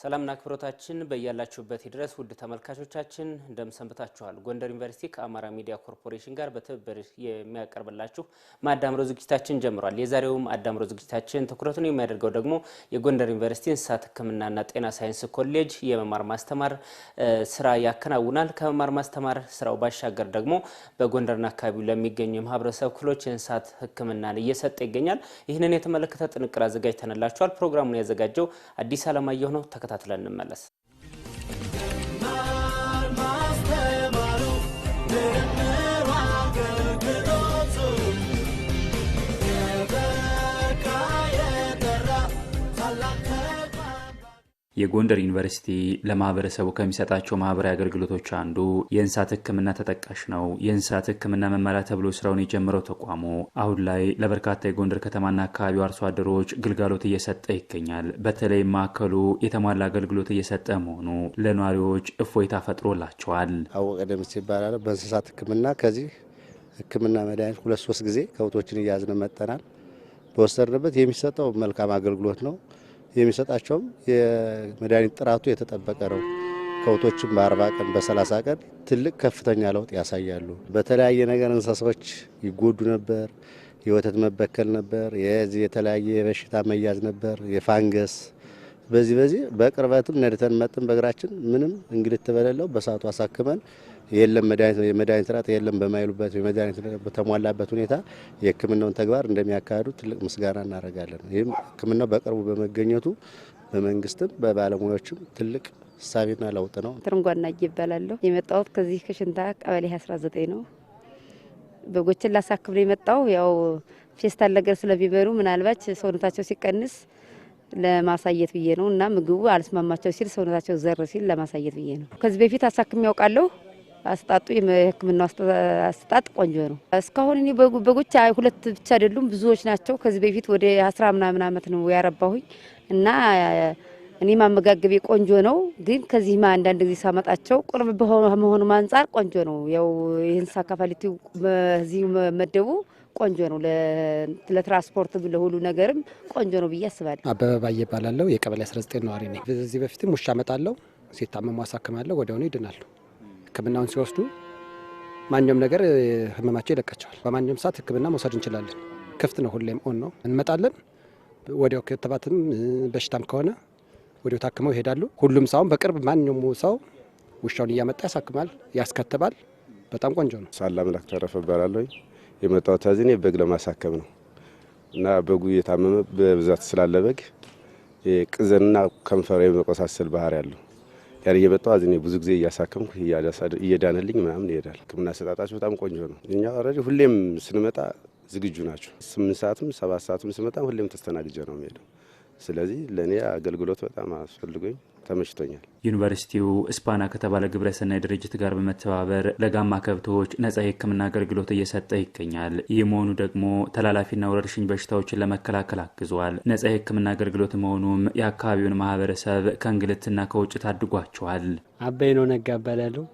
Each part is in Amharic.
ሰላምና ክብሮታችን በያላችሁበት ድረስ ውድ ተመልካቾቻችን፣ እንደምሰንብታችኋል። ጎንደር ዩኒቨርሲቲ ከአማራ ሚዲያ ኮርፖሬሽን ጋር በትብብር የሚያቀርብላችሁ ማዳምሮ ዝግጅታችን ጀምሯል። የዛሬውም አዳምሮ ዝግጅታችን ትኩረቱን የሚያደርገው ደግሞ የጎንደር ዩኒቨርሲቲ እንስሳት ሕክምናና ጤና ሳይንስ ኮሌጅ የመማር ማስተማር ስራ ያከናውናል። ከመማር ማስተማር ስራው ባሻገር ደግሞ በጎንደርና አካባቢው ለሚገኙ የማህበረሰብ ክፍሎች የእንስሳት ሕክምናን እየሰጠ ይገኛል። ይህንን የተመለከተ ጥንቅር አዘጋጅተንላችኋል። ፕሮግራሙን ያዘጋጀው አዲስ አለማየሁ ነው። ተከታትለን እንመለስ። የጎንደር ዩኒቨርሲቲ ለማህበረሰቡ ከሚሰጣቸው ማህበራዊ አገልግሎቶች አንዱ የእንስሳት ሕክምና ተጠቃሽ ነው። የእንስሳት ሕክምና መመሪያ ተብሎ ስራውን የጀመረው ተቋሙ አሁን ላይ ለበርካታ የጎንደር ከተማና አካባቢው አርሶ አደሮች ግልጋሎት እየሰጠ ይገኛል። በተለይም ማዕከሉ የተሟላ አገልግሎት እየሰጠ መሆኑ ለነዋሪዎች እፎይታ ፈጥሮላቸዋል። አወቀ ደምስ ይባላል። በእንስሳት ሕክምና ከዚህ ሕክምና መድኃኒት ሁለት ሶስት ጊዜ ከብቶችን እያዝነ መጠናል። በወሰድንበት የሚሰጠው መልካም አገልግሎት ነው። የሚሰጣቸውም የመድኃኒት ጥራቱ የተጠበቀ ነው። ከውቶችም በአርባ ቀን በሰላሳ ቀን ትልቅ ከፍተኛ ለውጥ ያሳያሉ። በተለያየ ነገር እንስሳዎች ይጎዱ ነበር። የወተት መበከል ነበር፣ የዚህ የተለያየ የበሽታ መያዝ ነበር፣ የፋንገስ በዚህ በዚህ በቅርበትም ነድተን መጥን በእግራችን ምንም እንግልት በሌለው በሰዓቱ አሳክመን የለም መድኃኒት ስርዓት የለም በማይሉበት የመድኃኒት በተሟላበት ሁኔታ የሕክምናውን ተግባር እንደሚያካሂዱ ትልቅ ምስጋና እናደርጋለን። ይህም ሕክምናው በቅርቡ በመገኘቱ በመንግስትም በባለሙያዎችም ትልቅ ሳቢና ለውጥ ነው። ትርንጓና ይባላለሁ። የመጣሁት ከዚህ ከሽንታ ቀበሌ 19 ነው። በጎችን ላሳክብ ነው የመጣው። ያው ፌስታል ነገር ስለሚበሉ ምናልባች ሰውነታቸው ሲቀንስ ለማሳየት ብዬ ነው እና ምግቡ አልስማማቸው ሲል ሰውነታቸው ዘር ሲል ለማሳየት ብዬ ነው። ከዚህ በፊት አሳክም ያውቃለሁ። አስጣጡ የህክምና አስጣጥ ቆንጆ ነው። እስካሁን እኔ በጎች ሁለት ብቻ አይደሉም ብዙዎች ናቸው። ከዚህ በፊት ወደ አስራ ምናምን አመት ነው ያረባሁኝ እና እኔ ማመጋገቤ ቆንጆ ነው። ግን ከዚህም አንዳንድ ጊዜ ሳመጣቸው ቁርብ በመሆኑ አንጻር ቆንጆ ነው። ያው የእንስሳ ካፋሊቲ እዚህ መደቡ ቆንጆ ነው። ለትራንስፖርት ለሁሉ ነገርም ቆንጆ ነው ብዬ አስባለሁ። አበበባ እየባላለው እባላለሁ። የቀበሌ 19 ነዋሪ ነኝ። በዚህ በፊትም ውሻ አመጣለሁ፣ ሲታመሙ አሳክማለሁ፣ ወዲያውኑ ይድናሉ። ህክምናውን ሲወስዱ ማንኛውም ነገር ህመማቸው ይለቃቸዋል። በማንኛውም ሰዓት ህክምና መውሰድ እንችላለን። ክፍት ነው፣ ሁሌም ኦን ነው። እንመጣለን። ወዲያው ክትባትም በሽታም ከሆነ ወዲያው ታክመው ይሄዳሉ። ሁሉም ሰውን በቅርብ ማንኛውም ሰው ውሻውን እያመጣ ያሳክማል፣ ያስከትባል። በጣም ቆንጆ ነው። ሳላ አምላክ ተረፈ እባላለሁ። የመጣሁት እዚህ እኔ በግ ለማሳከም ነው እና በጉ እየታመመ በብዛት ስላለ በግ ቅዝና ከንፈር የመቆሳሰል ባህሪ ያለው ቀሪ እየመጣሁ አዝኔ ብዙ ጊዜ እያሳከምኩ እየዳነልኝ ምናምን ይሄዳል። ሕክምና አሰጣጣችሁ በጣም ቆንጆ ነው። እኛ ረ ሁሌም ስንመጣ ዝግጁ ናቸው። ስምንት ሰዓትም ሰባት ሰዓትም ስመጣ ሁሌም ተስተናግጀ ነው የሚሄደው። ስለዚህ ለእኔ አገልግሎት በጣም አስፈልጎኝ ተመችቶኛል። ዩኒቨርሲቲው እስፓና ከተባለ ግብረሰናይ ድርጅት ጋር በመተባበር ለጋማ ከብቶች ነጻ የሕክምና አገልግሎት እየሰጠ ይገኛል። ይህ መሆኑ ደግሞ ተላላፊና ወረርሽኝ በሽታዎችን ለመከላከል አግዟል። ነጻ የሕክምና አገልግሎት መሆኑም የአካባቢውን ማህበረሰብ ከእንግልትና ከውጭ ታድጓቸዋል። አባይ ነው ነጋ እባላለሁ።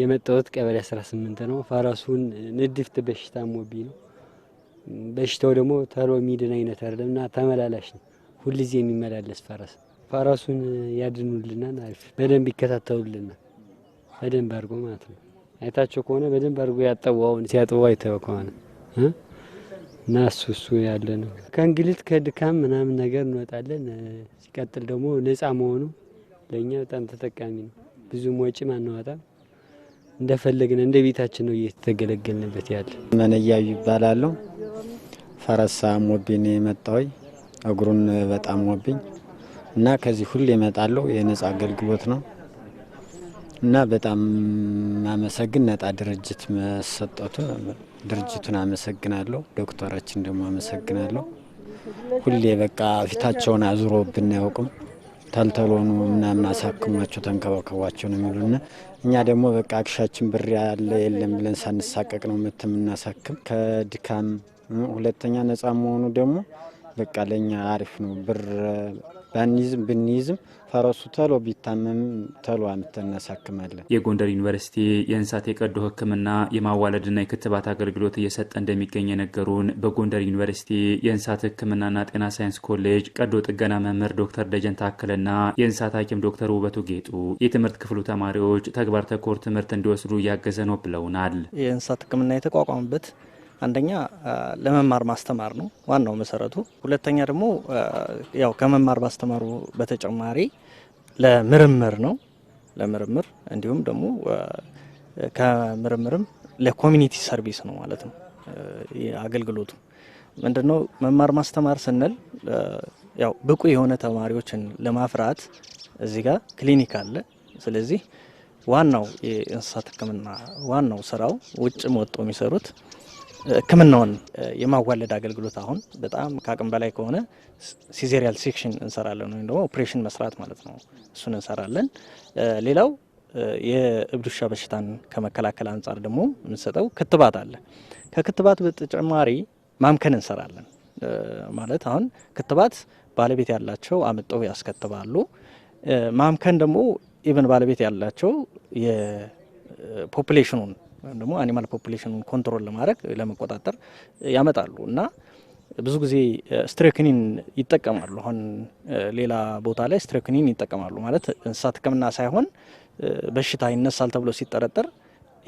የመጣሁት ቀበሌ 18 ነው። ፈረሱን ንድፍት በሽታ ሞቢ ነው። በሽታው ደግሞ ተሎ ሚድን አይነት አይደለም ተመላላሽ ነው። ሁልጊዜ የሚመላለስ ፈረስ ፈረሱን ያድኑልናል። አሪፍ በደንብ ይከታተሉልናል። በደንብ አድርጎ ማለት ነው። አይታቸው ከሆነ በደንብ አድርጎ ያጠዋውን ሲያጥቡ አይተው ከሆነ እና እሱ እሱ ያለ ነው። ከእንግልት ከድካም ምናምን ነገር እንወጣለን። ሲቀጥል ደግሞ ነጻ መሆኑ ለእኛ በጣም ተጠቃሚ ነው። ብዙም ወጪም አናወጣም። እንደፈለግን እንደ ቤታችን ነው እየተገለገልንበት ያለ። መነያዩ ይባላለሁ። ፈረሳ ሞቢን መጣወይ እግሩን በጣም ሞቢኝ እና ከዚህ ሁሌ የመጣለው የነጻ አገልግሎት ነው እና በጣም አመሰግን ነጻ ድርጅት መሰጠቱን ድርጅቱን አመሰግናለሁ። ዶክተራችን ደግሞ አመሰግናለሁ። ሁሌ በቃ ፊታቸውን አዙሮብን ብናያውቅም ተልተሎኑ ምናምን አሳክሟቸው ተንከባከቧቸው ነው የሚሉና እኛ ደግሞ በቃ አክሻችን ብር ያለ የለም ብለን ሳንሳቀቅ ነው ምት የምናሳክም። ከድካም ሁለተኛ ነጻ መሆኑ ደግሞ በቃ ለእኛ አሪፍ ነው ብር ባንይዝም ብንይዝም ፈረሱ ተሎ ቢታመም ተሎ አምጥተን የጎንደር ዩኒቨርሲቲ የእንስሳት የቀዶ ሕክምና የማዋለድና የክትባት አገልግሎት እየሰጠ እንደሚገኝ የነገሩን በጎንደር ዩኒቨርሲቲ የእንስሳት ሕክምናና ጤና ሳይንስ ኮሌጅ ቀዶ ጥገና መምህር ዶክተር ደጀን ታከለና የእንስሳት ሐኪም ዶክተር ውበቱ ጌጡ የትምህርት ክፍሉ ተማሪዎች ተግባር ተኮር ትምህርት እንዲወስዱ እያገዘ ነው ብለውናል። የእንስሳት ሕክምና የተቋቋመበት አንደኛ ለመማር ማስተማር ነው ዋናው መሰረቱ። ሁለተኛ ደግሞ ያው ከመማር ማስተማሩ በተጨማሪ ለምርምር ነው ለምርምር እንዲሁም ደግሞ ከምርምርም ለኮሚኒቲ ሰርቪስ ነው ማለት ነው። አገልግሎቱ ምንድነው? መማር ማስተማር ስንል ያው ብቁ የሆነ ተማሪዎችን ለማፍራት እዚህ ጋር ክሊኒክ አለ። ስለዚህ ዋናው የእንስሳት ሕክምና ዋናው ስራው ውጭ ወጥቶ የሚሰሩት ህክምናውን የማዋለድ አገልግሎት አሁን በጣም ከአቅም በላይ ከሆነ ሲዜሪያል ሴክሽን እንሰራለን፣ ወይም ደግሞ ኦፕሬሽን መስራት ማለት ነው። እሱን እንሰራለን። ሌላው የእብድ ውሻ በሽታን ከመከላከል አንጻር ደግሞ የምንሰጠው ክትባት አለ። ከክትባት በተጨማሪ ማምከን እንሰራለን። ማለት አሁን ክትባት ባለቤት ያላቸው አምጠው ያስከትባሉ። ማምከን ደግሞ ኢቨን ባለቤት ያላቸው የፖፕሌሽኑን ወይም ደግሞ አኒማል ፖፕሌሽኑን ኮንትሮል ለማድረግ ለመቆጣጠር ያመጣሉ እና ብዙ ጊዜ ስትሬክኒን ይጠቀማሉ። አሁን ሌላ ቦታ ላይ ስትሬክኒን ይጠቀማሉ ማለት እንስሳት ሕክምና ሳይሆን በሽታ ይነሳል ተብሎ ሲጠረጠር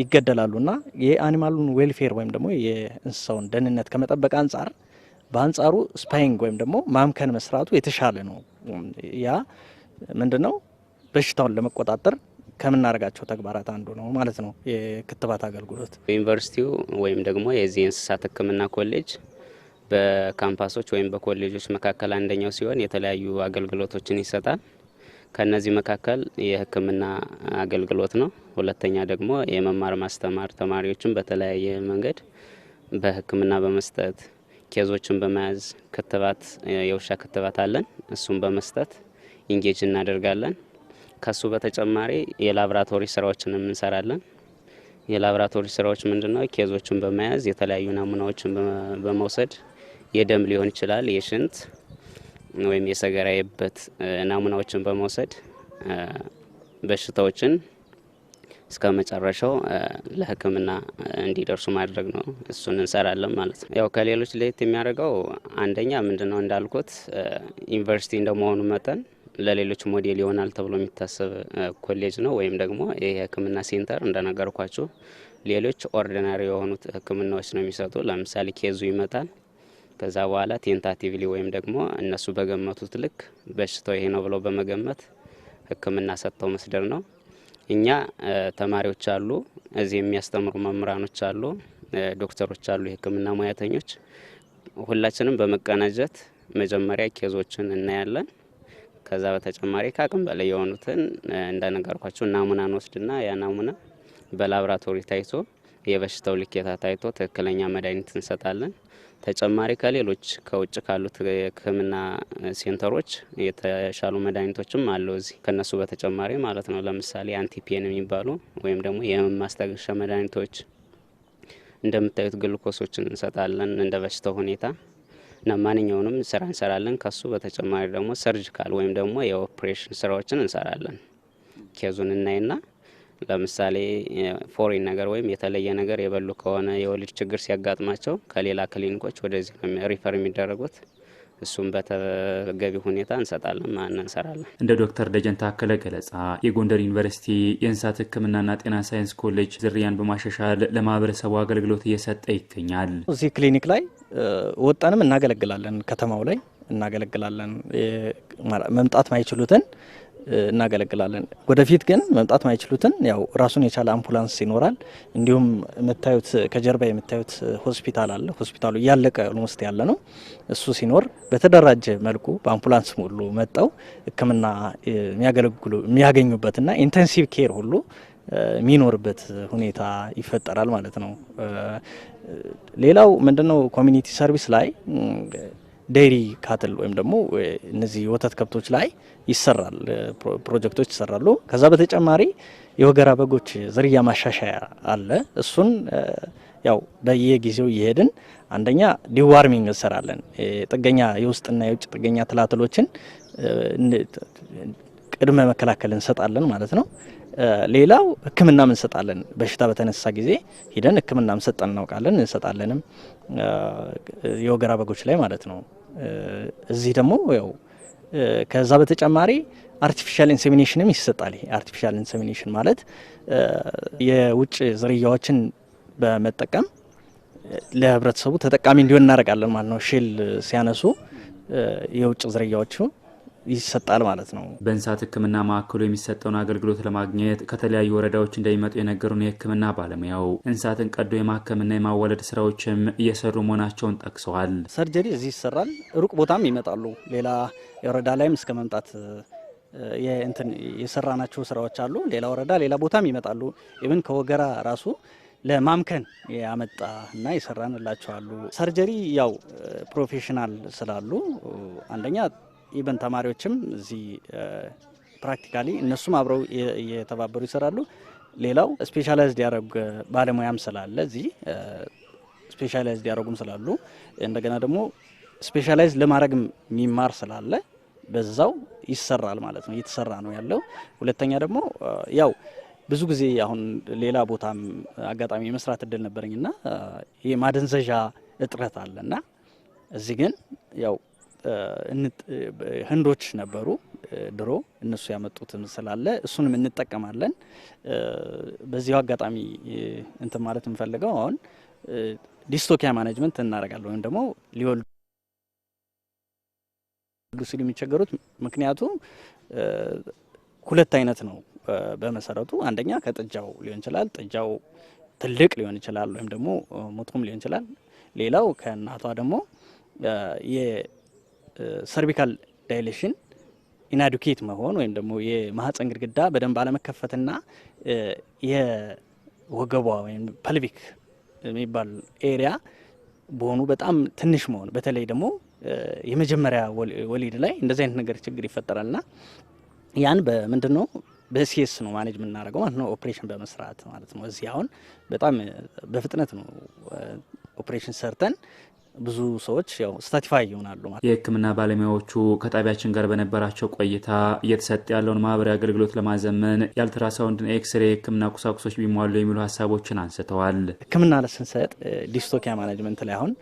ይገደላሉ እና የአኒማሉን ዌልፌር ወይም ደግሞ የእንስሳውን ደህንነት ከመጠበቅ አንጻር በአንጻሩ ስፓይንግ ወይም ደግሞ ማምከን መስራቱ የተሻለ ነው። ያ ምንድነው በሽታውን ለመቆጣጠር ከምናደርጋቸው ተግባራት አንዱ ነው ማለት ነው የክትባት አገልግሎት። ዩኒቨርሲቲው ወይም ደግሞ የዚህ የእንስሳት ሕክምና ኮሌጅ በካምፓሶች ወይም በኮሌጆች መካከል አንደኛው ሲሆን የተለያዩ አገልግሎቶችን ይሰጣል። ከነዚህ መካከል የሕክምና አገልግሎት ነው። ሁለተኛ ደግሞ የመማር ማስተማር ተማሪዎችን በተለያየ መንገድ በሕክምና በመስጠት ኬዞችን በመያዝ ክትባት የውሻ ክትባት አለን። እሱም በመስጠት ኢንጌጅ እናደርጋለን። ከሱ በተጨማሪ የላብራቶሪ ስራዎችን እንሰራለን። የላብራቶሪ ስራዎች ምንድነው? ኬዞችን በመያዝ የተለያዩ ናሙናዎችን በመውሰድ የደም ሊሆን ይችላል፣ የሽንት ወይም የሰገራ የበት ናሙናዎችን በመውሰድ በሽታዎችን እስከ መጨረሻው ለሕክምና እንዲደርሱ ማድረግ ነው። እሱን እንሰራለን ማለት ነው። ያው ከሌሎች ለየት የሚያደርገው አንደኛ ምንድነው እንዳልኩት ዩኒቨርሲቲ እንደመሆኑ መጠን ለሌሎች ሞዴል ይሆናል ተብሎ የሚታሰብ ኮሌጅ ነው ወይም ደግሞ የህክምና ሴንተር እንደነገርኳችሁ ሌሎች ኦርዲናሪ የሆኑት ህክምናዎች ነው የሚሰጡ። ለምሳሌ ኬዙ ይመጣል። ከዛ በኋላ ቴንታቲቭሊ ወይም ደግሞ እነሱ በገመቱት ልክ በሽታው ይሄ ነው ብለው በመገመት ህክምና ሰጥተው መስደር ነው። እኛ ተማሪዎች አሉ፣ እዚህ የሚያስተምሩ መምህራኖች አሉ፣ ዶክተሮች አሉ፣ የህክምና ሙያተኞች ሁላችንም በመቀናጀት መጀመሪያ ኬዞችን እናያለን። ከዛ በተጨማሪ ከአቅም በላይ የሆኑትን እንደነገርኳቸው ናሙና እንወስድና ያ ናሙና በላብራቶሪ ታይቶ የበሽታው ልኬታ ታይቶ ትክክለኛ መድኃኒት እንሰጣለን። ተጨማሪ ከሌሎች ከውጭ ካሉት የሕክምና ሴንተሮች የተሻሉ መድኃኒቶችም አለ እዚህ ከነሱ በተጨማሪ ማለት ነው። ለምሳሌ አንቲፔን የሚባሉ ወይም ደግሞ የህመም ማስታገሻ መድኃኒቶች እንደምታዩት ግልኮሶችን እንሰጣለን እንደ በሽታው ሁኔታ እና ማንኛውንም ስራ እንሰራለን። ከሱ በተጨማሪ ደግሞ ሰርጂካል ወይም ደግሞ የኦፕሬሽን ስራዎችን እንሰራለን። ኬዙን እናይና ለምሳሌ ፎሬን ነገር ወይም የተለየ ነገር የበሉ ከሆነ የወሊድ ችግር ሲያጋጥማቸው ከሌላ ክሊኒኮች ወደዚህ ሪፈር የሚደረጉት እሱም በተገቢ ሁኔታ እንሰጣለን ማን እንሰራለን። እንደ ዶክተር ደጀን ታከለ ገለጻ የጎንደር ዩኒቨርሲቲ የእንስሳት ሕክምናና ጤና ሳይንስ ኮሌጅ ዝርያን በማሻሻል ለማህበረሰቡ አገልግሎት እየሰጠ ይገኛል። እዚህ ክሊኒክ ላይ ወጣንም እናገለግላለን፣ ከተማው ላይ እናገለግላለን። መምጣት ማይችሉትን እናገለግላለን። ወደፊት ግን መምጣት ማይችሉትን ያው ራሱን የቻለ አምቡላንስ ይኖራል። እንዲሁም የምታዩት ከጀርባ የምታዩት ሆስፒታል አለ። ሆስፒታሉ እያለቀ ኦልሞስት ያለ ነው። እሱ ሲኖር በተደራጀ መልኩ በአምቡላንስ ሁሉ መጠው ሕክምና የሚያገለግሉ የሚያገኙበትና ኢንተንሲቭ ኬር ሁሉ የሚኖርበት ሁኔታ ይፈጠራል ማለት ነው። ሌላው ምንድነው ኮሚኒቲ ሰርቪስ ላይ ዴይሪ ካትል ወይም ደግሞ እነዚህ ወተት ከብቶች ላይ ይሰራል፣ ፕሮጀክቶች ይሰራሉ። ከዛ በተጨማሪ የወገራ በጎች ዝርያ ማሻሻያ አለ። እሱን ያው በየጊዜው እየሄድን አንደኛ ዲዋርሚንግ እንሰራለን። ጥገኛ የውስጥና የውጭ ጥገኛ ትላትሎችን ቅድመ መከላከል እንሰጣለን ማለት ነው። ሌላው ሕክምናም እንሰጣለን። በሽታ በተነሳ ጊዜ ሂደን ሕክምናም ሰጠን እናውቃለን፣ እንሰጣለንም የወገራ በጎች ላይ ማለት ነው። እዚህ ደግሞ ያው ከዛ በተጨማሪ አርቲፊሻል ኢንሴሚኔሽንም ይሰጣል። አርቲፊሻል ኢንሴሚኔሽን ማለት የውጭ ዝርያዎችን በመጠቀም ለህብረተሰቡ ተጠቃሚ እንዲሆን እናደርጋለን ማለት ነው። ሼል ሲያነሱ የውጭ ዝርያዎቹ ይሰጣል ማለት ነው። በእንስሳት ሕክምና ማዕከሉ የሚሰጠውን አገልግሎት ለማግኘት ከተለያዩ ወረዳዎች እንደሚመጡ የነገሩን የሕክምና ባለሙያው እንስሳትን ቀዶ የማከምና የማዋለድ ስራዎችም እየሰሩ መሆናቸውን ጠቅሰዋል። ሰርጀሪ እዚህ ይሰራል፣ ሩቅ ቦታም ይመጣሉ። ሌላ የወረዳ ላይም እስከ መምጣት የሰራናቸው ስራዎች አሉ። ሌላ ወረዳ ሌላ ቦታም ይመጣሉ። ኢብን ከወገራ ራሱ ለማምከን ያመጣ እና የሰራንላቸዋሉ። ሰርጀሪ ያው ፕሮፌሽናል ስላሉ አንደኛ ኢቨን ተማሪዎችም እዚህ ፕራክቲካሊ እነሱም አብረው እየተባበሩ ይሰራሉ። ሌላው ስፔሻላይዝድ ያደረጉ ባለሙያም ስላለ እዚህ ስፔሻላይዝድ ያደረጉም ስላሉ እንደገና ደግሞ ስፔሻላይዝ ለማድረግም የሚማር ስላለ በዛው ይሰራል ማለት ነው፣ እየተሰራ ነው ያለው። ሁለተኛ ደግሞ ያው ብዙ ጊዜ አሁን ሌላ ቦታም አጋጣሚ የመስራት እድል ነበረኝና ይህ ማደንዘዣ እጥረት አለና እዚህ ግን ያው ህንዶች ነበሩ ድሮ እነሱ ምስል ስላለ እሱንም እንጠቀማለን። በዚሁ አጋጣሚ እንትን ማለት የምፈልገው አሁን ዲስቶኪያ ማኔጅመንት እናደርጋለን ወይም ደግሞ ሊወልዱ ሲሉ የሚቸገሩት ምክንያቱም ሁለት አይነት ነው በመሰረቱ አንደኛ ከጥጃው ሊሆን ይችላል። ጥጃው ትልቅ ሊሆን ይችላል ወይም ደግሞ ሙትኩም ሊሆን ይችላል። ሌላው ከእናቷ ደግሞ ሰርቪካል ዳይሌሽን ኢናዱኬት መሆን ወይም ደግሞ የማህፀን ግድግዳ በደንብ አለመከፈትና የወገቧ ወይም ፐልቪክ የሚባል ኤሪያ በሆኑ በጣም ትንሽ መሆን በተለይ ደግሞ የመጀመሪያ ወሊድ ላይ እንደዚህ አይነት ነገር ችግር ና ያን በምንድን ነው በሲስ ነው ማኔጅ የምናደርገው ማለት ነው። ኦፕሬሽን በመስራት ማለት ነው። እዚህ አሁን በጣም በፍጥነት ነው ኦፕሬሽን ሰርተን ብዙ ሰዎች ያው ስታቲፋይ ይሆናሉ ማለት። የህክምና ባለሙያዎቹ ከጣቢያችን ጋር በነበራቸው ቆይታ እየተሰጠ ያለውን ማህበራዊ አገልግሎት ለማዘመን የአልትራሳውንድን ኤክስሬ ህክምና ቁሳቁሶች ቢሟሉ የሚሉ ሀሳቦችን አንስተዋል። ህክምና ለስንሰጥ ዲስቶኪያ ማኔጅመንት ላይ አሁን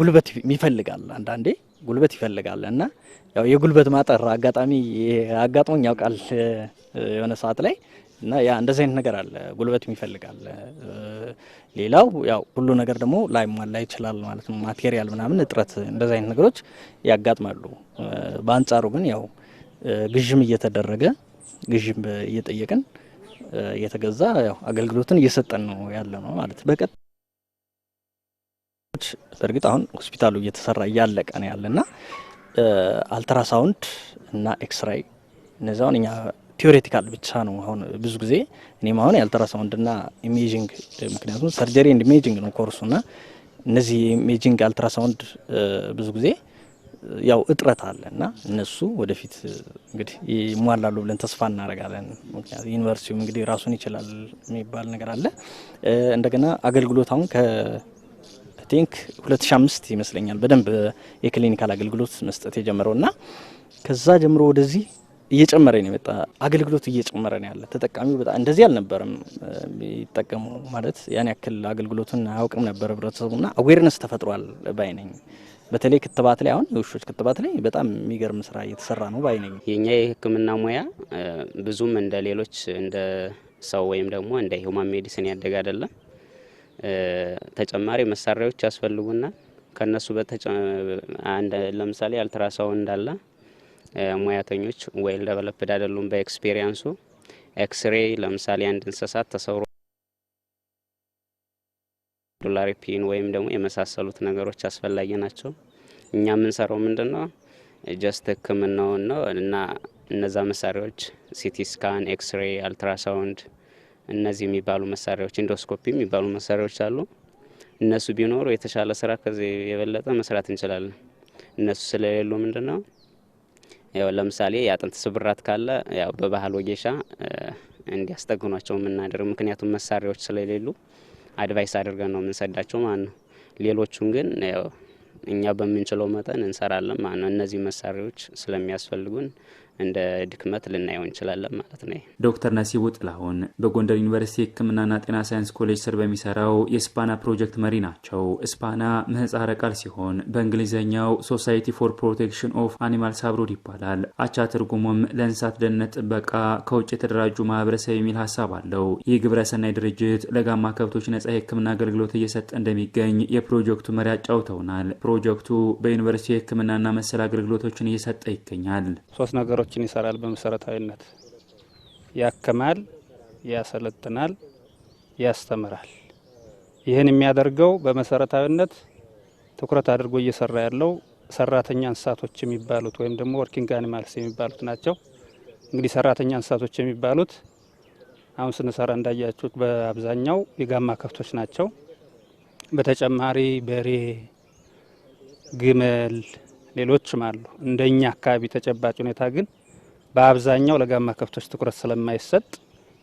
ጉልበት ይፈልጋል፣ አንዳንዴ ጉልበት ይፈልጋል እና ያው የጉልበት ማጠር አጋጣሚ አጋጥሞኝ ያውቃል የሆነ ሰዓት ላይ እና ያ እንደዚህ አይነት ነገር አለ። ጉልበት ይፈልጋል። ሌላው ያው ሁሉ ነገር ደግሞ ላይሟላ ይችላል ማለት ነው። ማቴሪያል ምናምን እጥረት፣ እንደዚህ አይነት ነገሮች ያጋጥማሉ። በአንጻሩ ግን ያው ግዥም እየተደረገ ግዥም እየጠየቅን እየተገዛ ያው አገልግሎትን እየሰጠን ነው ያለ ነው ማለት በቀጥ በእርግጥ አሁን ሆስፒታሉ እየተሰራ እያለቀ ነው ያለና አልትራሳውንድ እና ኤክስራይ እነዚያውን እኛ ቴዎሬቲካል ብቻ ነው። አሁን ብዙ ጊዜ እኔም አሁን የአልትራሳውንድና ኢሜጂንግ ምክንያቱም ሰርጀሪ ኤንድ ኢሜጂንግ ነው ና እነዚህ ኢሜጂንግ አልትራሳውንድ ብዙ ጊዜ ያው እጥረት አለ እና እነሱ ወደፊት እንግዲህ ይሟላሉ ብለን ተስፋ እናደርጋለን። ምክንያቱም ዩኒቨርሲቲውም እንግዲህ ራሱን ይችላል የሚባል ነገር አለ። እንደገና አገልግሎት አሁን ከቲንክ 2005 ይመስለኛል በደንብ የክሊኒካል አገልግሎት መስጠት የጀመረው እና ከዛ ጀምሮ ወደዚህ እየጨመረ ነው የመጣ አገልግሎት እየጨመረ ነው ያለ። ተጠቃሚው በጣም እንደዚህ አልነበረም የሚጠቀሙ ማለት ያን ያክል አገልግሎቱን አያውቅም ነበር ህብረተሰቡና አዌርነስ ተፈጥሯል ባይነኝ በተለይ ክትባት ላይ አሁን የውሾች ክትባት ላይ በጣም የሚገርም ስራ እየተሰራ ነው ባይነኝ የእኛ የህክምና ሙያ ብዙም እንደ ሌሎች እንደ ሰው ወይም ደግሞ እንደ ሂውማን ሜዲሲን ያደገ አይደለም። ተጨማሪ መሳሪያዎች ያስፈልጉናል። ከነሱ ለምሳሌ አልትራሳውንድ እንዳለ ሙያተኞች ወይል ደቨሎፕድ አይደሉም። በኤክስፔሪንሱ ኤክስሬይ ለምሳሌ አንድ እንስሳት ተሰውሮ ዶላር ፒን ወይም ደግሞ የመሳሰሉት ነገሮች አስፈላጊ ናቸው። እኛ የምንሰራው ምንድን ነው? ጀስት ሕክምናውን ነው እና እነዛ መሳሪያዎች ሲቲ ስካን፣ ኤክስሬይ፣ አልትራሳውንድ እነዚህ የሚባሉ መሳሪያዎች ኢንዶስኮፒ የሚባሉ መሳሪያዎች አሉ። እነሱ ቢኖሩ የተሻለ ስራ ከዚህ የበለጠ መስራት እንችላለን። እነሱ ስለሌሉ ምንድን ነው ለምሳሌ የአጥንት ስብራት ካለ ያው በባህል ወጌሻ እንዲያስጠግኗቸው የምናደርግ ምክንያቱም መሳሪያዎች ስለሌሉ አድቫይስ አድርገን ነው የምንሰዳቸው ማለት ነው። ሌሎቹን ግን ያው እኛ በምንችለው መጠን እንሰራለን ማለት ነው። እነዚህ መሳሪያዎች ስለሚያስፈልጉን እንደ ድክመት ልናየው እንችላለን ማለት ነው። ዶክተር ነሲቡ ጥላሁን በጎንደር ዩኒቨርሲቲ ሕክምናና ጤና ሳይንስ ኮሌጅ ስር በሚሰራው የስፓና ፕሮጀክት መሪ ናቸው። ስፓና ምህጻረ ቃል ሲሆን በእንግሊዝኛው ሶሳይቲ ፎር ፕሮቴክሽን ኦፍ አኒማል ሳብሮድ ይባላል። አቻ ትርጉሙም ለእንስሳት ደህንነት ጥበቃ ከውጭ የተደራጁ ማህበረሰብ የሚል ሀሳብ አለው። ይህ ግብረሰናይ ድርጅት ለጋማ ከብቶች ነጻ የህክምና አገልግሎት እየሰጠ እንደሚገኝ የፕሮጀክቱ መሪ አጫውተውናል። ፕሮጀክቱ በዩኒቨርሲቲ የህክምናና መሰል አገልግሎቶችን እየሰጠ ይገኛል። ሶስት ነገሮች ስራዎችን ይሰራል። በመሰረታዊነት ያክማል፣ ያሰለጥናል፣ ያስተምራል። ይህን የሚያደርገው በመሰረታዊነት ትኩረት አድርጎ እየሰራ ያለው ሰራተኛ እንስሳቶች የሚባሉት ወይም ደግሞ ወርኪንግ አኒማልስ የሚባሉት ናቸው። እንግዲህ ሰራተኛ እንስሳቶች የሚባሉት አሁን ስንሰራ እንዳያችሁት በአብዛኛው የጋማ ከብቶች ናቸው። በተጨማሪ በሬ፣ ግመል ሌሎችም አሉ። እንደኛ አካባቢ ተጨባጭ ሁኔታ ግን በአብዛኛው ለጋማ ከብቶች ትኩረት ስለማይሰጥ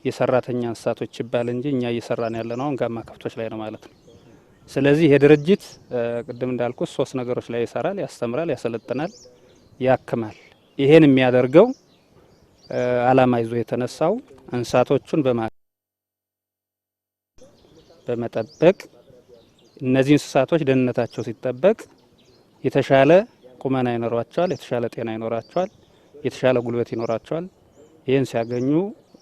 የሰራተኛ እንስሳቶች ይባል እንጂ እኛ እየሰራን ያለነው አሁን ጋማ ከብቶች ላይ ነው ማለት ነው። ስለዚህ ይሄ ድርጅት ቅድም እንዳልኩ ሶስት ነገሮች ላይ ይሰራል፣ ያስተምራል፣ ያሰለጥናል፣ ያክማል። ይሄን የሚያደርገው አላማ ይዞ የተነሳው እንስሳቶቹን በማ በመጠበቅ እነዚህ እንስሳቶች ደህንነታቸው ሲጠበቅ የተሻለ ቁመና ይኖራቸዋል፣ የተሻለ ጤና ይኖራቸዋል፣ የተሻለ ጉልበት ይኖራቸዋል። ይህን ሲያገኙ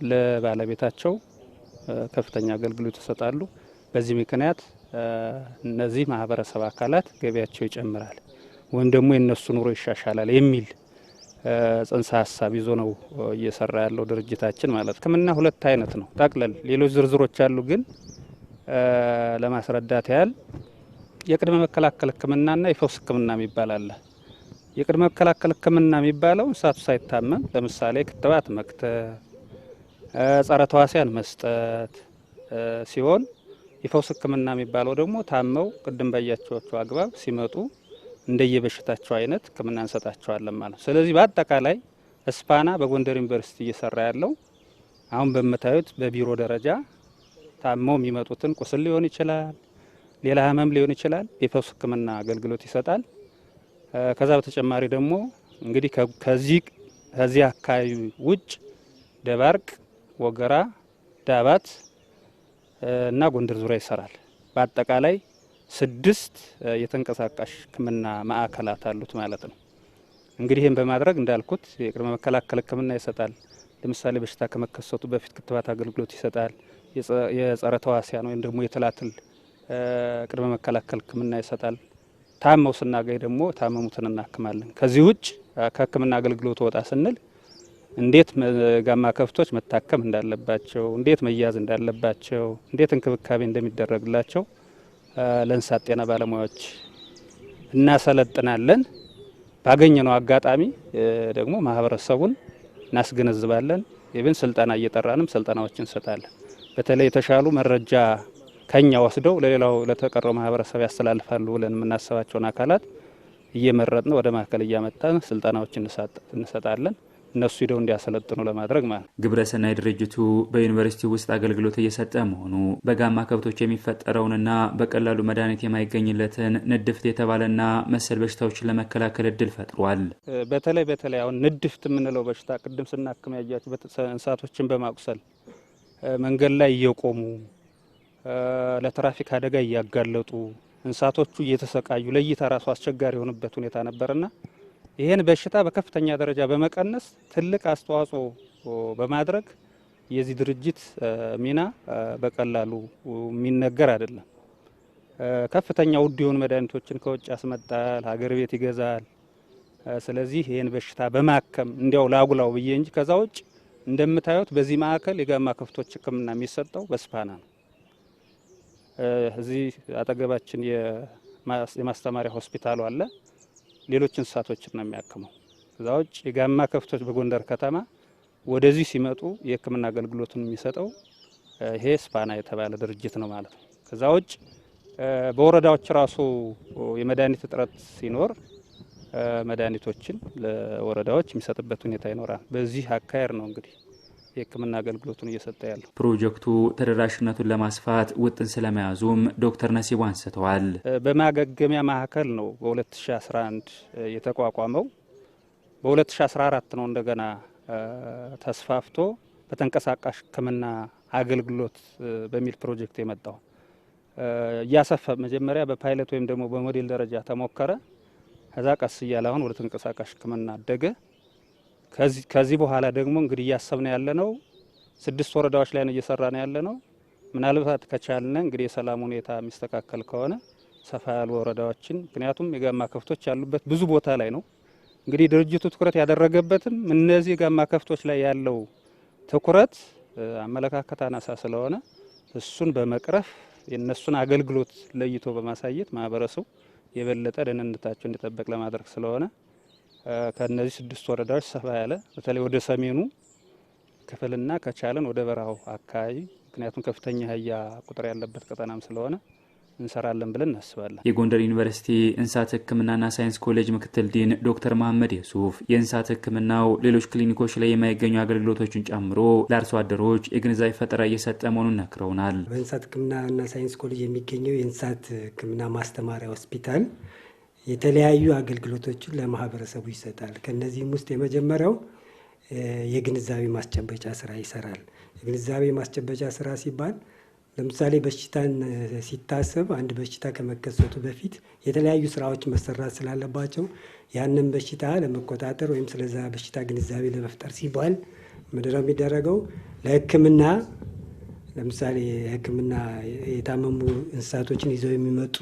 ለባለቤታቸው ከፍተኛ አገልግሎት ይሰጣሉ። በዚህ ምክንያት እነዚህ ማህበረሰብ አካላት ገቢያቸው ይጨምራል ወይም ደግሞ የእነሱ ኑሮ ይሻሻላል የሚል ጽንሰ ሀሳብ ይዞ ነው እየሰራ ያለው ድርጅታችን ማለት ሕክምና ሁለት አይነት ነው ጠቅለል ሌሎች ዝርዝሮች አሉ፣ ግን ለማስረዳት ያህል የቅድመ መከላከል ሕክምናና የፈውስ ሕክምና የሚባል አለ። የቅድመ መከላከል ህክምና የሚባለው እንስሳቱ ሳይታመም ለምሳሌ ክትባት መክተብ፣ ጸረ ተዋሲያን መስጠት ሲሆን የፈውስ ህክምና የሚባለው ደግሞ ታመው ቅድም ባያቸዋቸው አግባብ ሲመጡ እንደየበሽታቸው አይነት ህክምና እንሰጣቸዋለን ማለት ነው። ስለዚህ በአጠቃላይ እስፓና በጎንደር ዩኒቨርሲቲ እየሰራ ያለው አሁን በምታዩት በቢሮ ደረጃ ታመው የሚመጡትን ቁስል ሊሆን ይችላል፣ ሌላ ህመም ሊሆን ይችላል፣ የፈውስ ህክምና አገልግሎት ይሰጣል። ከዛ በተጨማሪ ደግሞ እንግዲህ ከዚህ ከዚህ አካባቢ ውጭ ደባርቅ፣ ወገራ፣ ዳባት እና ጎንደር ዙሪያ ይሰራል። በአጠቃላይ ስድስት የተንቀሳቃሽ ሕክምና ማዕከላት አሉት ማለት ነው። እንግዲህ ይህን በማድረግ እንዳልኩት የቅድመ መከላከል ሕክምና ይሰጣል። ለምሳሌ በሽታ ከመከሰቱ በፊት ክትባት አገልግሎት ይሰጣል። የጸረ ተዋሲያን ወይም ደግሞ የትላትል ቅድመ መከላከል ሕክምና ይሰጣል። ታመው ስናገኝ ደግሞ ታመሙትን እናክማለን። ከዚህ ውጭ ከህክምና አገልግሎት ወጣ ስንል እንዴት ጋማ ከብቶች መታከም እንዳለባቸው፣ እንዴት መያዝ እንዳለባቸው፣ እንዴት እንክብካቤ እንደሚደረግላቸው ለእንስሳት ጤና ባለሙያዎች እናሰለጥናለን። ባገኘነው አጋጣሚ ደግሞ ማህበረሰቡን እናስገነዝባለን። የብን ስልጠና እየጠራንም ስልጠናዎችን እንሰጣለን። በተለይ የተሻሉ መረጃ ከኛ ወስደው ለሌላው ለተቀረው ማህበረሰብ ያስተላልፋሉ ብለን የምናስባቸውን አካላት እየመረጥን ወደ ማዕከል እያመጣን ስልጠናዎች እንሰጣለን። እነሱ ሂደው እንዲያሰለጥኑ ለማድረግ ማለት ነው። ግብረሰናይ ድርጅቱ በዩኒቨርሲቲ ውስጥ አገልግሎት እየሰጠ መሆኑ በጋማ ከብቶች የሚፈጠረውንና በቀላሉ መድኃኒት የማይገኝለትን ንድፍት የተባለና መሰል በሽታዎችን ለመከላከል እድል ፈጥሯል። በተለይ በተለይ አሁን ንድፍት የምንለው በሽታ ቅድም ስናክም ያያቸው እንስሳቶችን በማቁሰል መንገድ ላይ እየቆሙ ለትራፊክ አደጋ እያጋለጡ እንስሳቶቹ እየተሰቃዩ ለእይታ ራሱ አስቸጋሪ የሆኑበት ሁኔታ ነበርና ይህን በሽታ በከፍተኛ ደረጃ በመቀነስ ትልቅ አስተዋጽኦ በማድረግ የዚህ ድርጅት ሚና በቀላሉ የሚነገር አይደለም። ከፍተኛ ውድ የሆኑ መድኃኒቶችን ከውጭ ያስመጣል፣ ሀገር ቤት ይገዛል። ስለዚህ ይህን በሽታ በማከም እንዲያው ላጉላው ብዬ እንጂ ከዛ ውጭ እንደምታዩት በዚህ ማዕከል የጋማ ክፍቶች ሕክምና የሚሰጠው በስፓና ነው። እዚህ አጠገባችን የማስተማሪያ ሆስፒታሉ አለ። ሌሎች እንስሳቶችን ነው የሚያክመው። እዛ ውጭ የጋማ ከፍቶች በጎንደር ከተማ ወደዚህ ሲመጡ የሕክምና አገልግሎቱን የሚሰጠው ይሄ ስፓና የተባለ ድርጅት ነው ማለት ነው። ከዛ ውጭ በወረዳዎች ራሱ የመድኃኒት እጥረት ሲኖር መድኃኒቶችን ለወረዳዎች የሚሰጥበት ሁኔታ ይኖራል። በዚህ አካሄድ ነው እንግዲህ የህክምና አገልግሎቱን እየሰጠ ያለው። ፕሮጀክቱ ተደራሽነቱን ለማስፋት ውጥን ስለመያዙም ዶክተር ነሲቡ አንስተዋል። በማገገሚያ ማዕከል ነው በ2011 የተቋቋመው። በ2014 ነው እንደገና ተስፋፍቶ በተንቀሳቃሽ ህክምና አገልግሎት በሚል ፕሮጀክት የመጣው እያሰፈ መጀመሪያ በፓይለት ወይም ደግሞ በሞዴል ደረጃ ተሞከረ። ከዛ ቀስ እያለ አሁን ወደ ተንቀሳቃሽ ህክምና አደገ። ከዚህ በኋላ ደግሞ እንግዲህ እያሰብን ያለ ነው። ስድስት ወረዳዎች ላይ ነው እየሰራን ያለ ነው። ምናልባት ከቻልነ እንግዲህ የሰላም ሁኔታ የሚስተካከል ከሆነ ሰፋ ያሉ ወረዳዎችን ምክንያቱም የጋማ ከፍቶች ያሉበት ብዙ ቦታ ላይ ነው እንግዲህ ድርጅቱ ትኩረት ያደረገበትም እነዚህ ጋማ ከፍቶች ላይ ያለው ትኩረት አመለካከት አናሳ ስለሆነ እሱን በመቅረፍ የእነሱን አገልግሎት ለይቶ በማሳየት ማህበረሰቡ የበለጠ ደህንነታቸው እንዲጠበቅ ለማድረግ ስለሆነ ከነዚህ ስድስት ወረዳዎች ሰፋ ያለ በተለይ ወደ ሰሜኑ ክፍልና ከቻለን ወደ በረሃው አካባቢ ምክንያቱም ከፍተኛ አህያ ቁጥር ያለበት ቀጠናም ስለሆነ እንሰራለን ብለን እናስባለን። የጎንደር ዩኒቨርሲቲ እንስሳት ሕክምናና ሳይንስ ኮሌጅ ምክትል ዲን ዶክተር መሐመድ የሱፍ የእንስሳት ሕክምናው ሌሎች ክሊኒኮች ላይ የማይገኙ አገልግሎቶችን ጨምሮ ለአርሶ አደሮች የግንዛቤ ፈጠራ እየሰጠ መሆኑን ነክረውናል። በእንስሳት ሕክምናና ሳይንስ ኮሌጅ የሚገኘው የእንስሳት ሕክምና ማስተማሪያ ሆስፒታል የተለያዩ አገልግሎቶችን ለማህበረሰቡ ይሰጣል። ከነዚህም ውስጥ የመጀመሪያው የግንዛቤ ማስጨበጫ ስራ ይሰራል። የግንዛቤ ማስጨበጫ ስራ ሲባል ለምሳሌ በሽታን ሲታሰብ አንድ በሽታ ከመከሰቱ በፊት የተለያዩ ስራዎች መሰራት ስላለባቸው ያንን በሽታ ለመቆጣጠር ወይም ስለዛ በሽታ ግንዛቤ ለመፍጠር ሲባል ምንድነው የሚደረገው? ለሕክምና ለምሳሌ ሕክምና የታመሙ እንስሳቶችን ይዘው የሚመጡ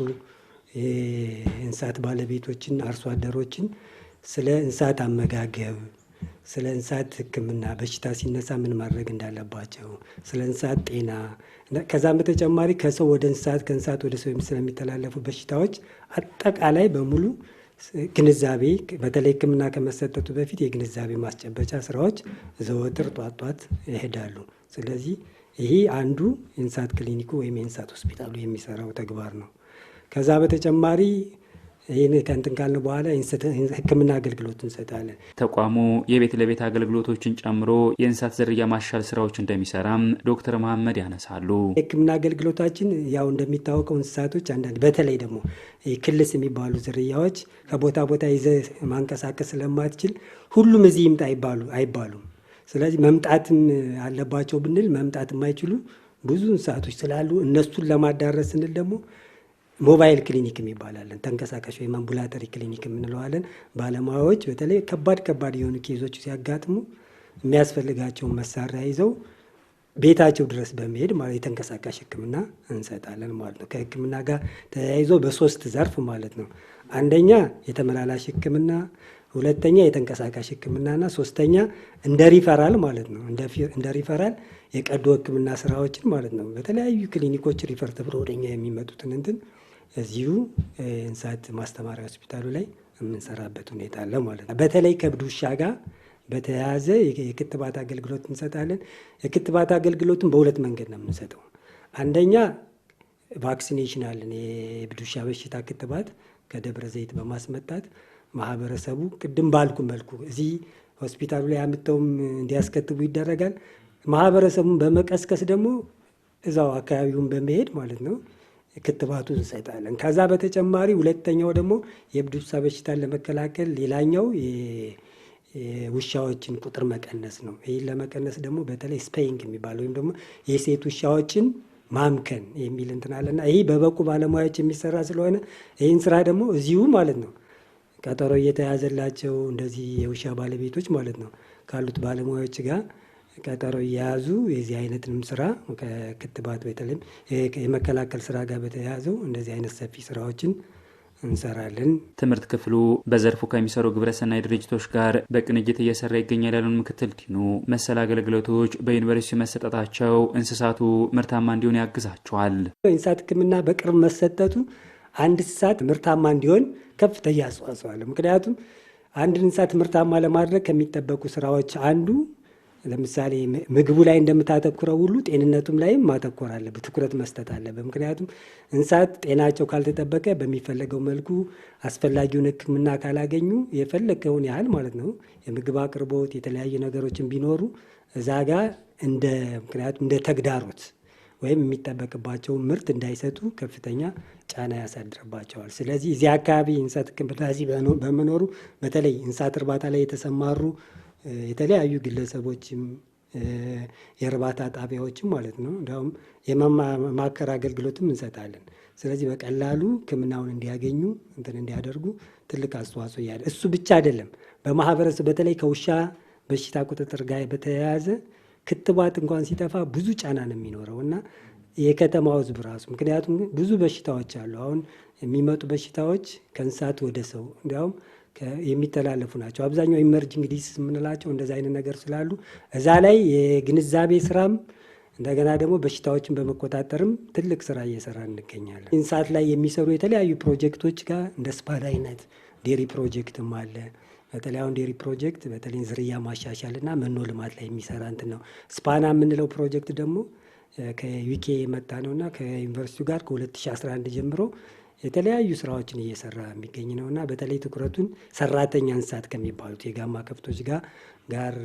እንስሳት ባለቤቶችን አርሶ አደሮችን ስለ እንስሳት አመጋገብ፣ ስለ እንስሳት ሕክምና በሽታ ሲነሳ ምን ማድረግ እንዳለባቸው፣ ስለ እንስሳት ጤና ከዛም በተጨማሪ ከሰው ወደ እንስሳት ከእንስሳት ወደ ሰው ስለሚተላለፉ በሽታዎች አጠቃላይ በሙሉ ግንዛቤ በተለይ ሕክምና ከመሰጠቱ በፊት የግንዛቤ ማስጨበጫ ስራዎች ዘወትር ጧጧት ይሄዳሉ። ስለዚህ ይሄ አንዱ የእንስሳት ክሊኒኩ ወይም የእንስሳት ሆስፒታሉ የሚሰራው ተግባር ነው። ከዛ በተጨማሪ ይህን ከንትን ካልን በኋላ ሕክምና አገልግሎት እንሰጣለን። ተቋሙ የቤት ለቤት አገልግሎቶችን ጨምሮ የእንስሳት ዝርያ ማሻል ስራዎች እንደሚሰራም ዶክተር መሐመድ ያነሳሉ። የሕክምና አገልግሎታችን ያው እንደሚታወቀው እንስሳቶች አንዳንድ በተለይ ደግሞ ክልስ የሚባሉ ዝርያዎች ከቦታ ቦታ ይዘ ማንቀሳቀስ ስለማትችል ሁሉም እዚህ ይምጣ አይባሉም። ስለዚህ መምጣትም አለባቸው ብንል መምጣት የማይችሉ ብዙ እንስሳቶች ስላሉ እነሱን ለማዳረስ ስንል ደግሞ ሞባይል ክሊኒክ የሚባላለን ተንቀሳቃሽ ወይም አምቡላተሪ ክሊኒክ የምንለዋለን። ባለሙያዎች በተለይ ከባድ ከባድ የሆኑ ኬዞች ሲያጋጥሙ የሚያስፈልጋቸውን መሳሪያ ይዘው ቤታቸው ድረስ በመሄድ ማለት የተንቀሳቃሽ ሕክምና እንሰጣለን ማለት ነው። ከሕክምና ጋር ተያይዞ በሶስት ዘርፍ ማለት ነው። አንደኛ የተመላላሽ ሕክምና፣ ሁለተኛ የተንቀሳቃሽ ሕክምናና ሶስተኛ እንደ ሪፈራል ማለት ነው። እንደ ሪፈራል የቀዶ ሕክምና ስራዎችን ማለት ነው። በተለያዩ ክሊኒኮች ሪፈር ተብሎ ወደኛ የሚመጡትን እንትን እዚሁ እንስሳት ማስተማሪያ ሆስፒታሉ ላይ የምንሰራበት ሁኔታ አለ ማለት ነው። በተለይ ከእብድ ውሻ ጋር በተያያዘ የክትባት አገልግሎት እንሰጣለን። የክትባት አገልግሎትን በሁለት መንገድ ነው የምንሰጠው። አንደኛ ቫክሲኔሽን አለን፣ የእብድ ውሻ በሽታ ክትባት ከደብረ ዘይት በማስመጣት ማህበረሰቡ ቅድም ባልኩ መልኩ እዚህ ሆስፒታሉ ላይ አምጥተውም እንዲያስከትቡ ይደረጋል። ማህበረሰቡን በመቀስቀስ ደግሞ እዛው አካባቢውን በመሄድ ማለት ነው ክትባቱን እንሰጣለን። ከዛ በተጨማሪ ሁለተኛው ደግሞ የእብድ ውሳ በሽታን ለመከላከል ሌላኛው ውሻዎችን ቁጥር መቀነስ ነው። ይህን ለመቀነስ ደግሞ በተለይ ስፔይንግ የሚባል ወይም ደግሞ የሴት ውሻዎችን ማምከን የሚል እንትን አለና ይህ በበቁ ባለሙያዎች የሚሰራ ስለሆነ ይህን ስራ ደግሞ እዚሁ ማለት ነው ቀጠሮ እየተያዘላቸው እንደዚህ የውሻ ባለቤቶች ማለት ነው ካሉት ባለሙያዎች ጋር ቀጠሮ እየያዙ የዚህ አይነትንም ስራ ከክትባት በተለይም የመከላከል ስራ ጋር በተያያዘው እንደዚህ አይነት ሰፊ ስራዎችን እንሰራለን። ትምህርት ክፍሉ በዘርፉ ከሚሰሩ ግብረሰናይ ድርጅቶች ጋር በቅንጅት እየሰራ ይገኛል ያሉን ምክትል ዲኑ መሰል አገልግሎቶች በዩኒቨርሲቲ መሰጠታቸው እንስሳቱ ምርታማ እንዲሆን ያግዛቸዋል። እንስሳት ሕክምና በቅርብ መሰጠቱ አንድ እንስሳት ምርታማ እንዲሆን ከፍተኛ አስተዋጽኦ አለው። ምክንያቱም አንድ እንስሳት ምርታማ ለማድረግ ከሚጠበቁ ስራዎች አንዱ ለምሳሌ ምግቡ ላይ እንደምታተኩረው ሁሉ ጤንነቱም ላይም ማተኮር አለብህ፣ ትኩረት መስጠት አለብህ። ምክንያቱም እንስሳት ጤናቸው ካልተጠበቀ በሚፈለገው መልኩ አስፈላጊውን ሕክምና ካላገኙ የፈለገውን ያህል ማለት ነው የምግብ አቅርቦት የተለያዩ ነገሮችን ቢኖሩ እዛ ጋ እንደ ምክንያቱም እንደ ተግዳሮት ወይም የሚጠበቅባቸውን ምርት እንዳይሰጡ ከፍተኛ ጫና ያሳድርባቸዋል። ስለዚህ እዚህ አካባቢ እንስሳት ሕክምና በመኖሩ በተለይ እንስሳት እርባታ ላይ የተሰማሩ የተለያዩ ግለሰቦችም የእርባታ ጣቢያዎችም ማለት ነው። እንዲሁም የማማከር አገልግሎትም እንሰጣለን። ስለዚህ በቀላሉ ሕክምናውን እንዲያገኙ እንትን እንዲያደርጉ ትልቅ አስተዋጽኦ እያለ እሱ ብቻ አይደለም። በማህበረሰብ በተለይ ከውሻ በሽታ ቁጥጥር ጋር በተያያዘ ክትባት እንኳን ሲጠፋ ብዙ ጫና ነው የሚኖረው እና የከተማ ህዝብ ራሱ ምክንያቱም ብዙ በሽታዎች አሉ። አሁን የሚመጡ በሽታዎች ከእንስሳት ወደ ሰው እንዲያውም የሚተላለፉ ናቸው። አብዛኛው ኢመርጂንግ ዲስ የምንላቸው እንደዚ አይነት ነገር ስላሉ እዛ ላይ የግንዛቤ ስራም እንደገና ደግሞ በሽታዎችን በመቆጣጠርም ትልቅ ስራ እየሰራ እንገኛለን። ኢንሳት ላይ የሚሰሩ የተለያዩ ፕሮጀክቶች ጋር እንደ ስፓድ አይነት ዴሪ ፕሮጀክትም አለ። በተለይ አሁን ዴሪ ፕሮጀክት በተለይ ዝርያ ማሻሻል እና መኖ ልማት ላይ የሚሰራ እንትን ነው። ስፓና የምንለው ፕሮጀክት ደግሞ ከዩኬ የመጣ ነው እና ከዩኒቨርሲቲው ጋር ከ2011 ጀምሮ የተለያዩ ስራዎችን እየሰራ የሚገኝ ነው እና በተለይ ትኩረቱን ሰራተኛ እንስሳት ከሚባሉት የጋማ ከብቶች ጋር ጋር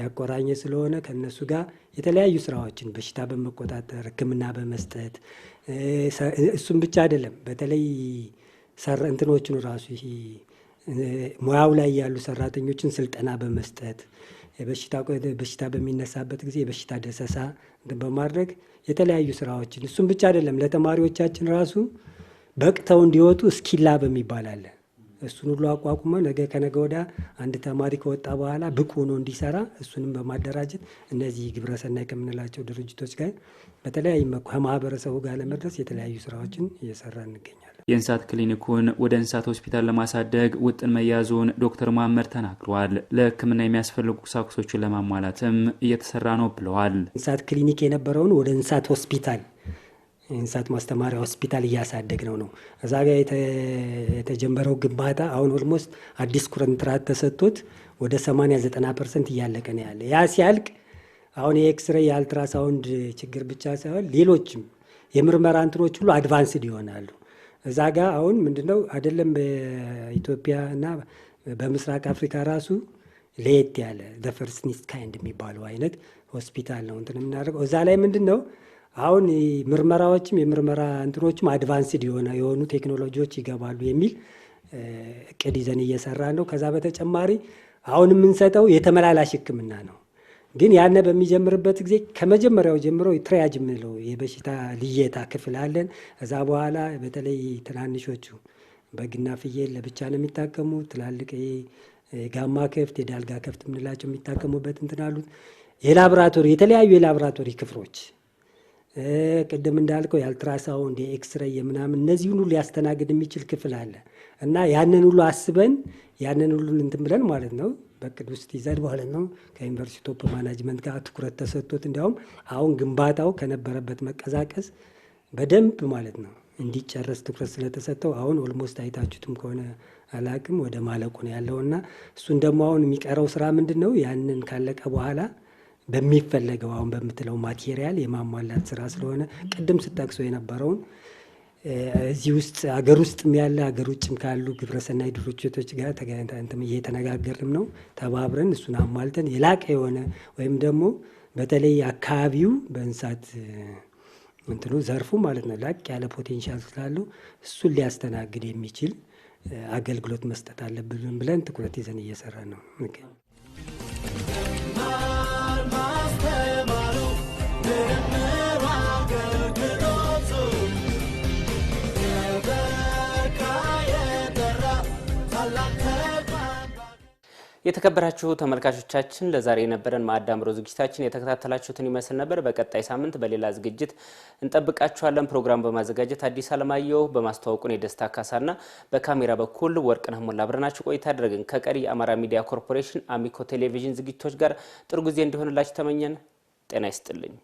ያቆራኘ ስለሆነ ከነሱ ጋር የተለያዩ ስራዎችን በሽታ በመቆጣጠር ሕክምና በመስጠት እሱም ብቻ አይደለም። በተለይ እንትኖቹን ራሱ ይሄ ሙያው ላይ ያሉ ሰራተኞችን ስልጠና በመስጠት በሽታ በሚነሳበት ጊዜ የበሽታ ደሰሳ በማድረግ የተለያዩ ስራዎችን እሱም ብቻ አይደለም ለተማሪዎቻችን ራሱ በቅተው እንዲወጡ ስኪላ የሚባል አለ። እሱን ሁሉ አቋቁመ ነገ ከነገ ወዳ አንድ ተማሪ ከወጣ በኋላ ብቁ ሆኖ እንዲሰራ እሱንም በማደራጀት እነዚህ ግብረሰናይ ከምንላቸው ድርጅቶች ጋር በተለያዩ ከማህበረሰቡ ጋር ለመድረስ የተለያዩ ስራዎችን እየሰራ እንገኛለን። የእንስሳት ክሊኒኩን ወደ እንስሳት ሆስፒታል ለማሳደግ ውጥን መያዙን ዶክተር መሀመድ ተናግረዋል። ለሕክምና የሚያስፈልጉ ቁሳቁሶችን ለማሟላትም እየተሰራ ነው ብለዋል። እንስሳት ክሊኒክ የነበረውን ወደ እንስሳት ሆስፒታል የእንስሳት ማስተማሪያ ሆስፒታል እያሳደግ ነው ነው እዛ ጋር የተጀመረው ግንባታ አሁን ኦልሞስት አዲስ ኮንትራት ተሰጥቶት ወደ 80 90 ፐርሰንት እያለቀ ነው ያለ። ያ ሲያልቅ አሁን የኤክስሬ የአልትራሳውንድ ችግር ብቻ ሳይሆን ሌሎችም የምርመራ እንትኖች ሁሉ አድቫንስድ ይሆናሉ። እዛ ጋ አሁን ምንድነው አይደለም በኢትዮጵያ እና በምስራቅ አፍሪካ ራሱ ለየት ያለ ዘ ፈርስት ኢን ኢትስ ካይንድ የሚባለው አይነት ሆስፒታል ነው እንትን የምናደርገው እዛ ላይ ምንድን ነው አሁን ምርመራዎችም የምርመራ እንትኖችም አድቫንስድ የሆነ የሆኑ ቴክኖሎጂዎች ይገባሉ የሚል እቅድ ይዘን እየሰራ ነው። ከዛ በተጨማሪ አሁን የምንሰጠው የተመላላሽ ሕክምና ነው። ግን ያነ በሚጀምርበት ጊዜ ከመጀመሪያው ጀምሮ ትሪያጅ የምንለው የበሽታ ልየታ ክፍል አለን። እዛ በኋላ በተለይ ትናንሾቹ በግና ፍየል ለብቻ ነው የሚታከሙ። ትላልቅ ጋማ ከፍት፣ የዳልጋ ከፍት የምንላቸው የሚታከሙበት እንትን አሉት። የተለያዩ የላብራቶሪ ክፍሎች ቅድም እንዳልከው የአልትራሳውንድ የኤክስሬይ የምናምን እነዚህን ሁሉ ሊያስተናግድ የሚችል ክፍል አለ እና ያንን ሁሉ አስበን ያንን ሁሉ እንትን ብለን ማለት ነው በቅድ ውስጥ ይዘን ማለት ነው ከዩኒቨርሲቲ ቶፕ ማናጅመንት ጋር ትኩረት ተሰጥቶት እንዲያውም አሁን ግንባታው ከነበረበት መቀዛቀስ በደንብ ማለት ነው እንዲጨረስ ትኩረት ስለተሰጠው አሁን ኦልሞስት አይታችሁትም ከሆነ አላቅም ወደ ማለቁ ነው ያለውና እሱን ደግሞ አሁን የሚቀረው ስራ ምንድን ነው ያንን ካለቀ በኋላ በሚፈለገው አሁን በምትለው ማቴሪያል የማሟላት ስራ ስለሆነ ቅድም ስጠቅሶ የነበረውን እዚህ ውስጥ አገር ውስጥም ያለ አገር ውጭም ካሉ ግብረሰናይ ድርጅቶች ጋር እየተነጋገርም ነው። ተባብረን እሱን አሟልተን የላቀ የሆነ ወይም ደግሞ በተለይ አካባቢው በእንስሳት እንትኑ ዘርፉ ማለት ነው ላቅ ያለ ፖቴንሻል ስላለው እሱን ሊያስተናግድ የሚችል አገልግሎት መስጠት አለብን ብለን ትኩረት ይዘን እየሰራ ነው። የተከበራችሁ ተመልካቾቻችን ለዛሬ የነበረን ማዕድ ዝግጅታችን የተከታተላችሁትን ይመስል ነበር። በቀጣይ ሳምንት በሌላ ዝግጅት እንጠብቃችኋለን። ፕሮግራም በማዘጋጀት አዲስ አለማየሁ፣ በማስተዋወቁን የደስታ ካሳና በካሜራ በኩል ወርቅነህ ሞላ አብረናችሁ ቆይታ አደረግን። ከቀሪ የአማራ ሚዲያ ኮርፖሬሽን አሚኮ ቴሌቪዥን ዝግጅቶች ጋር ጥሩ ጊዜ እንዲሆንላችሁ ተመኘን። ጤና ይስጥልኝ።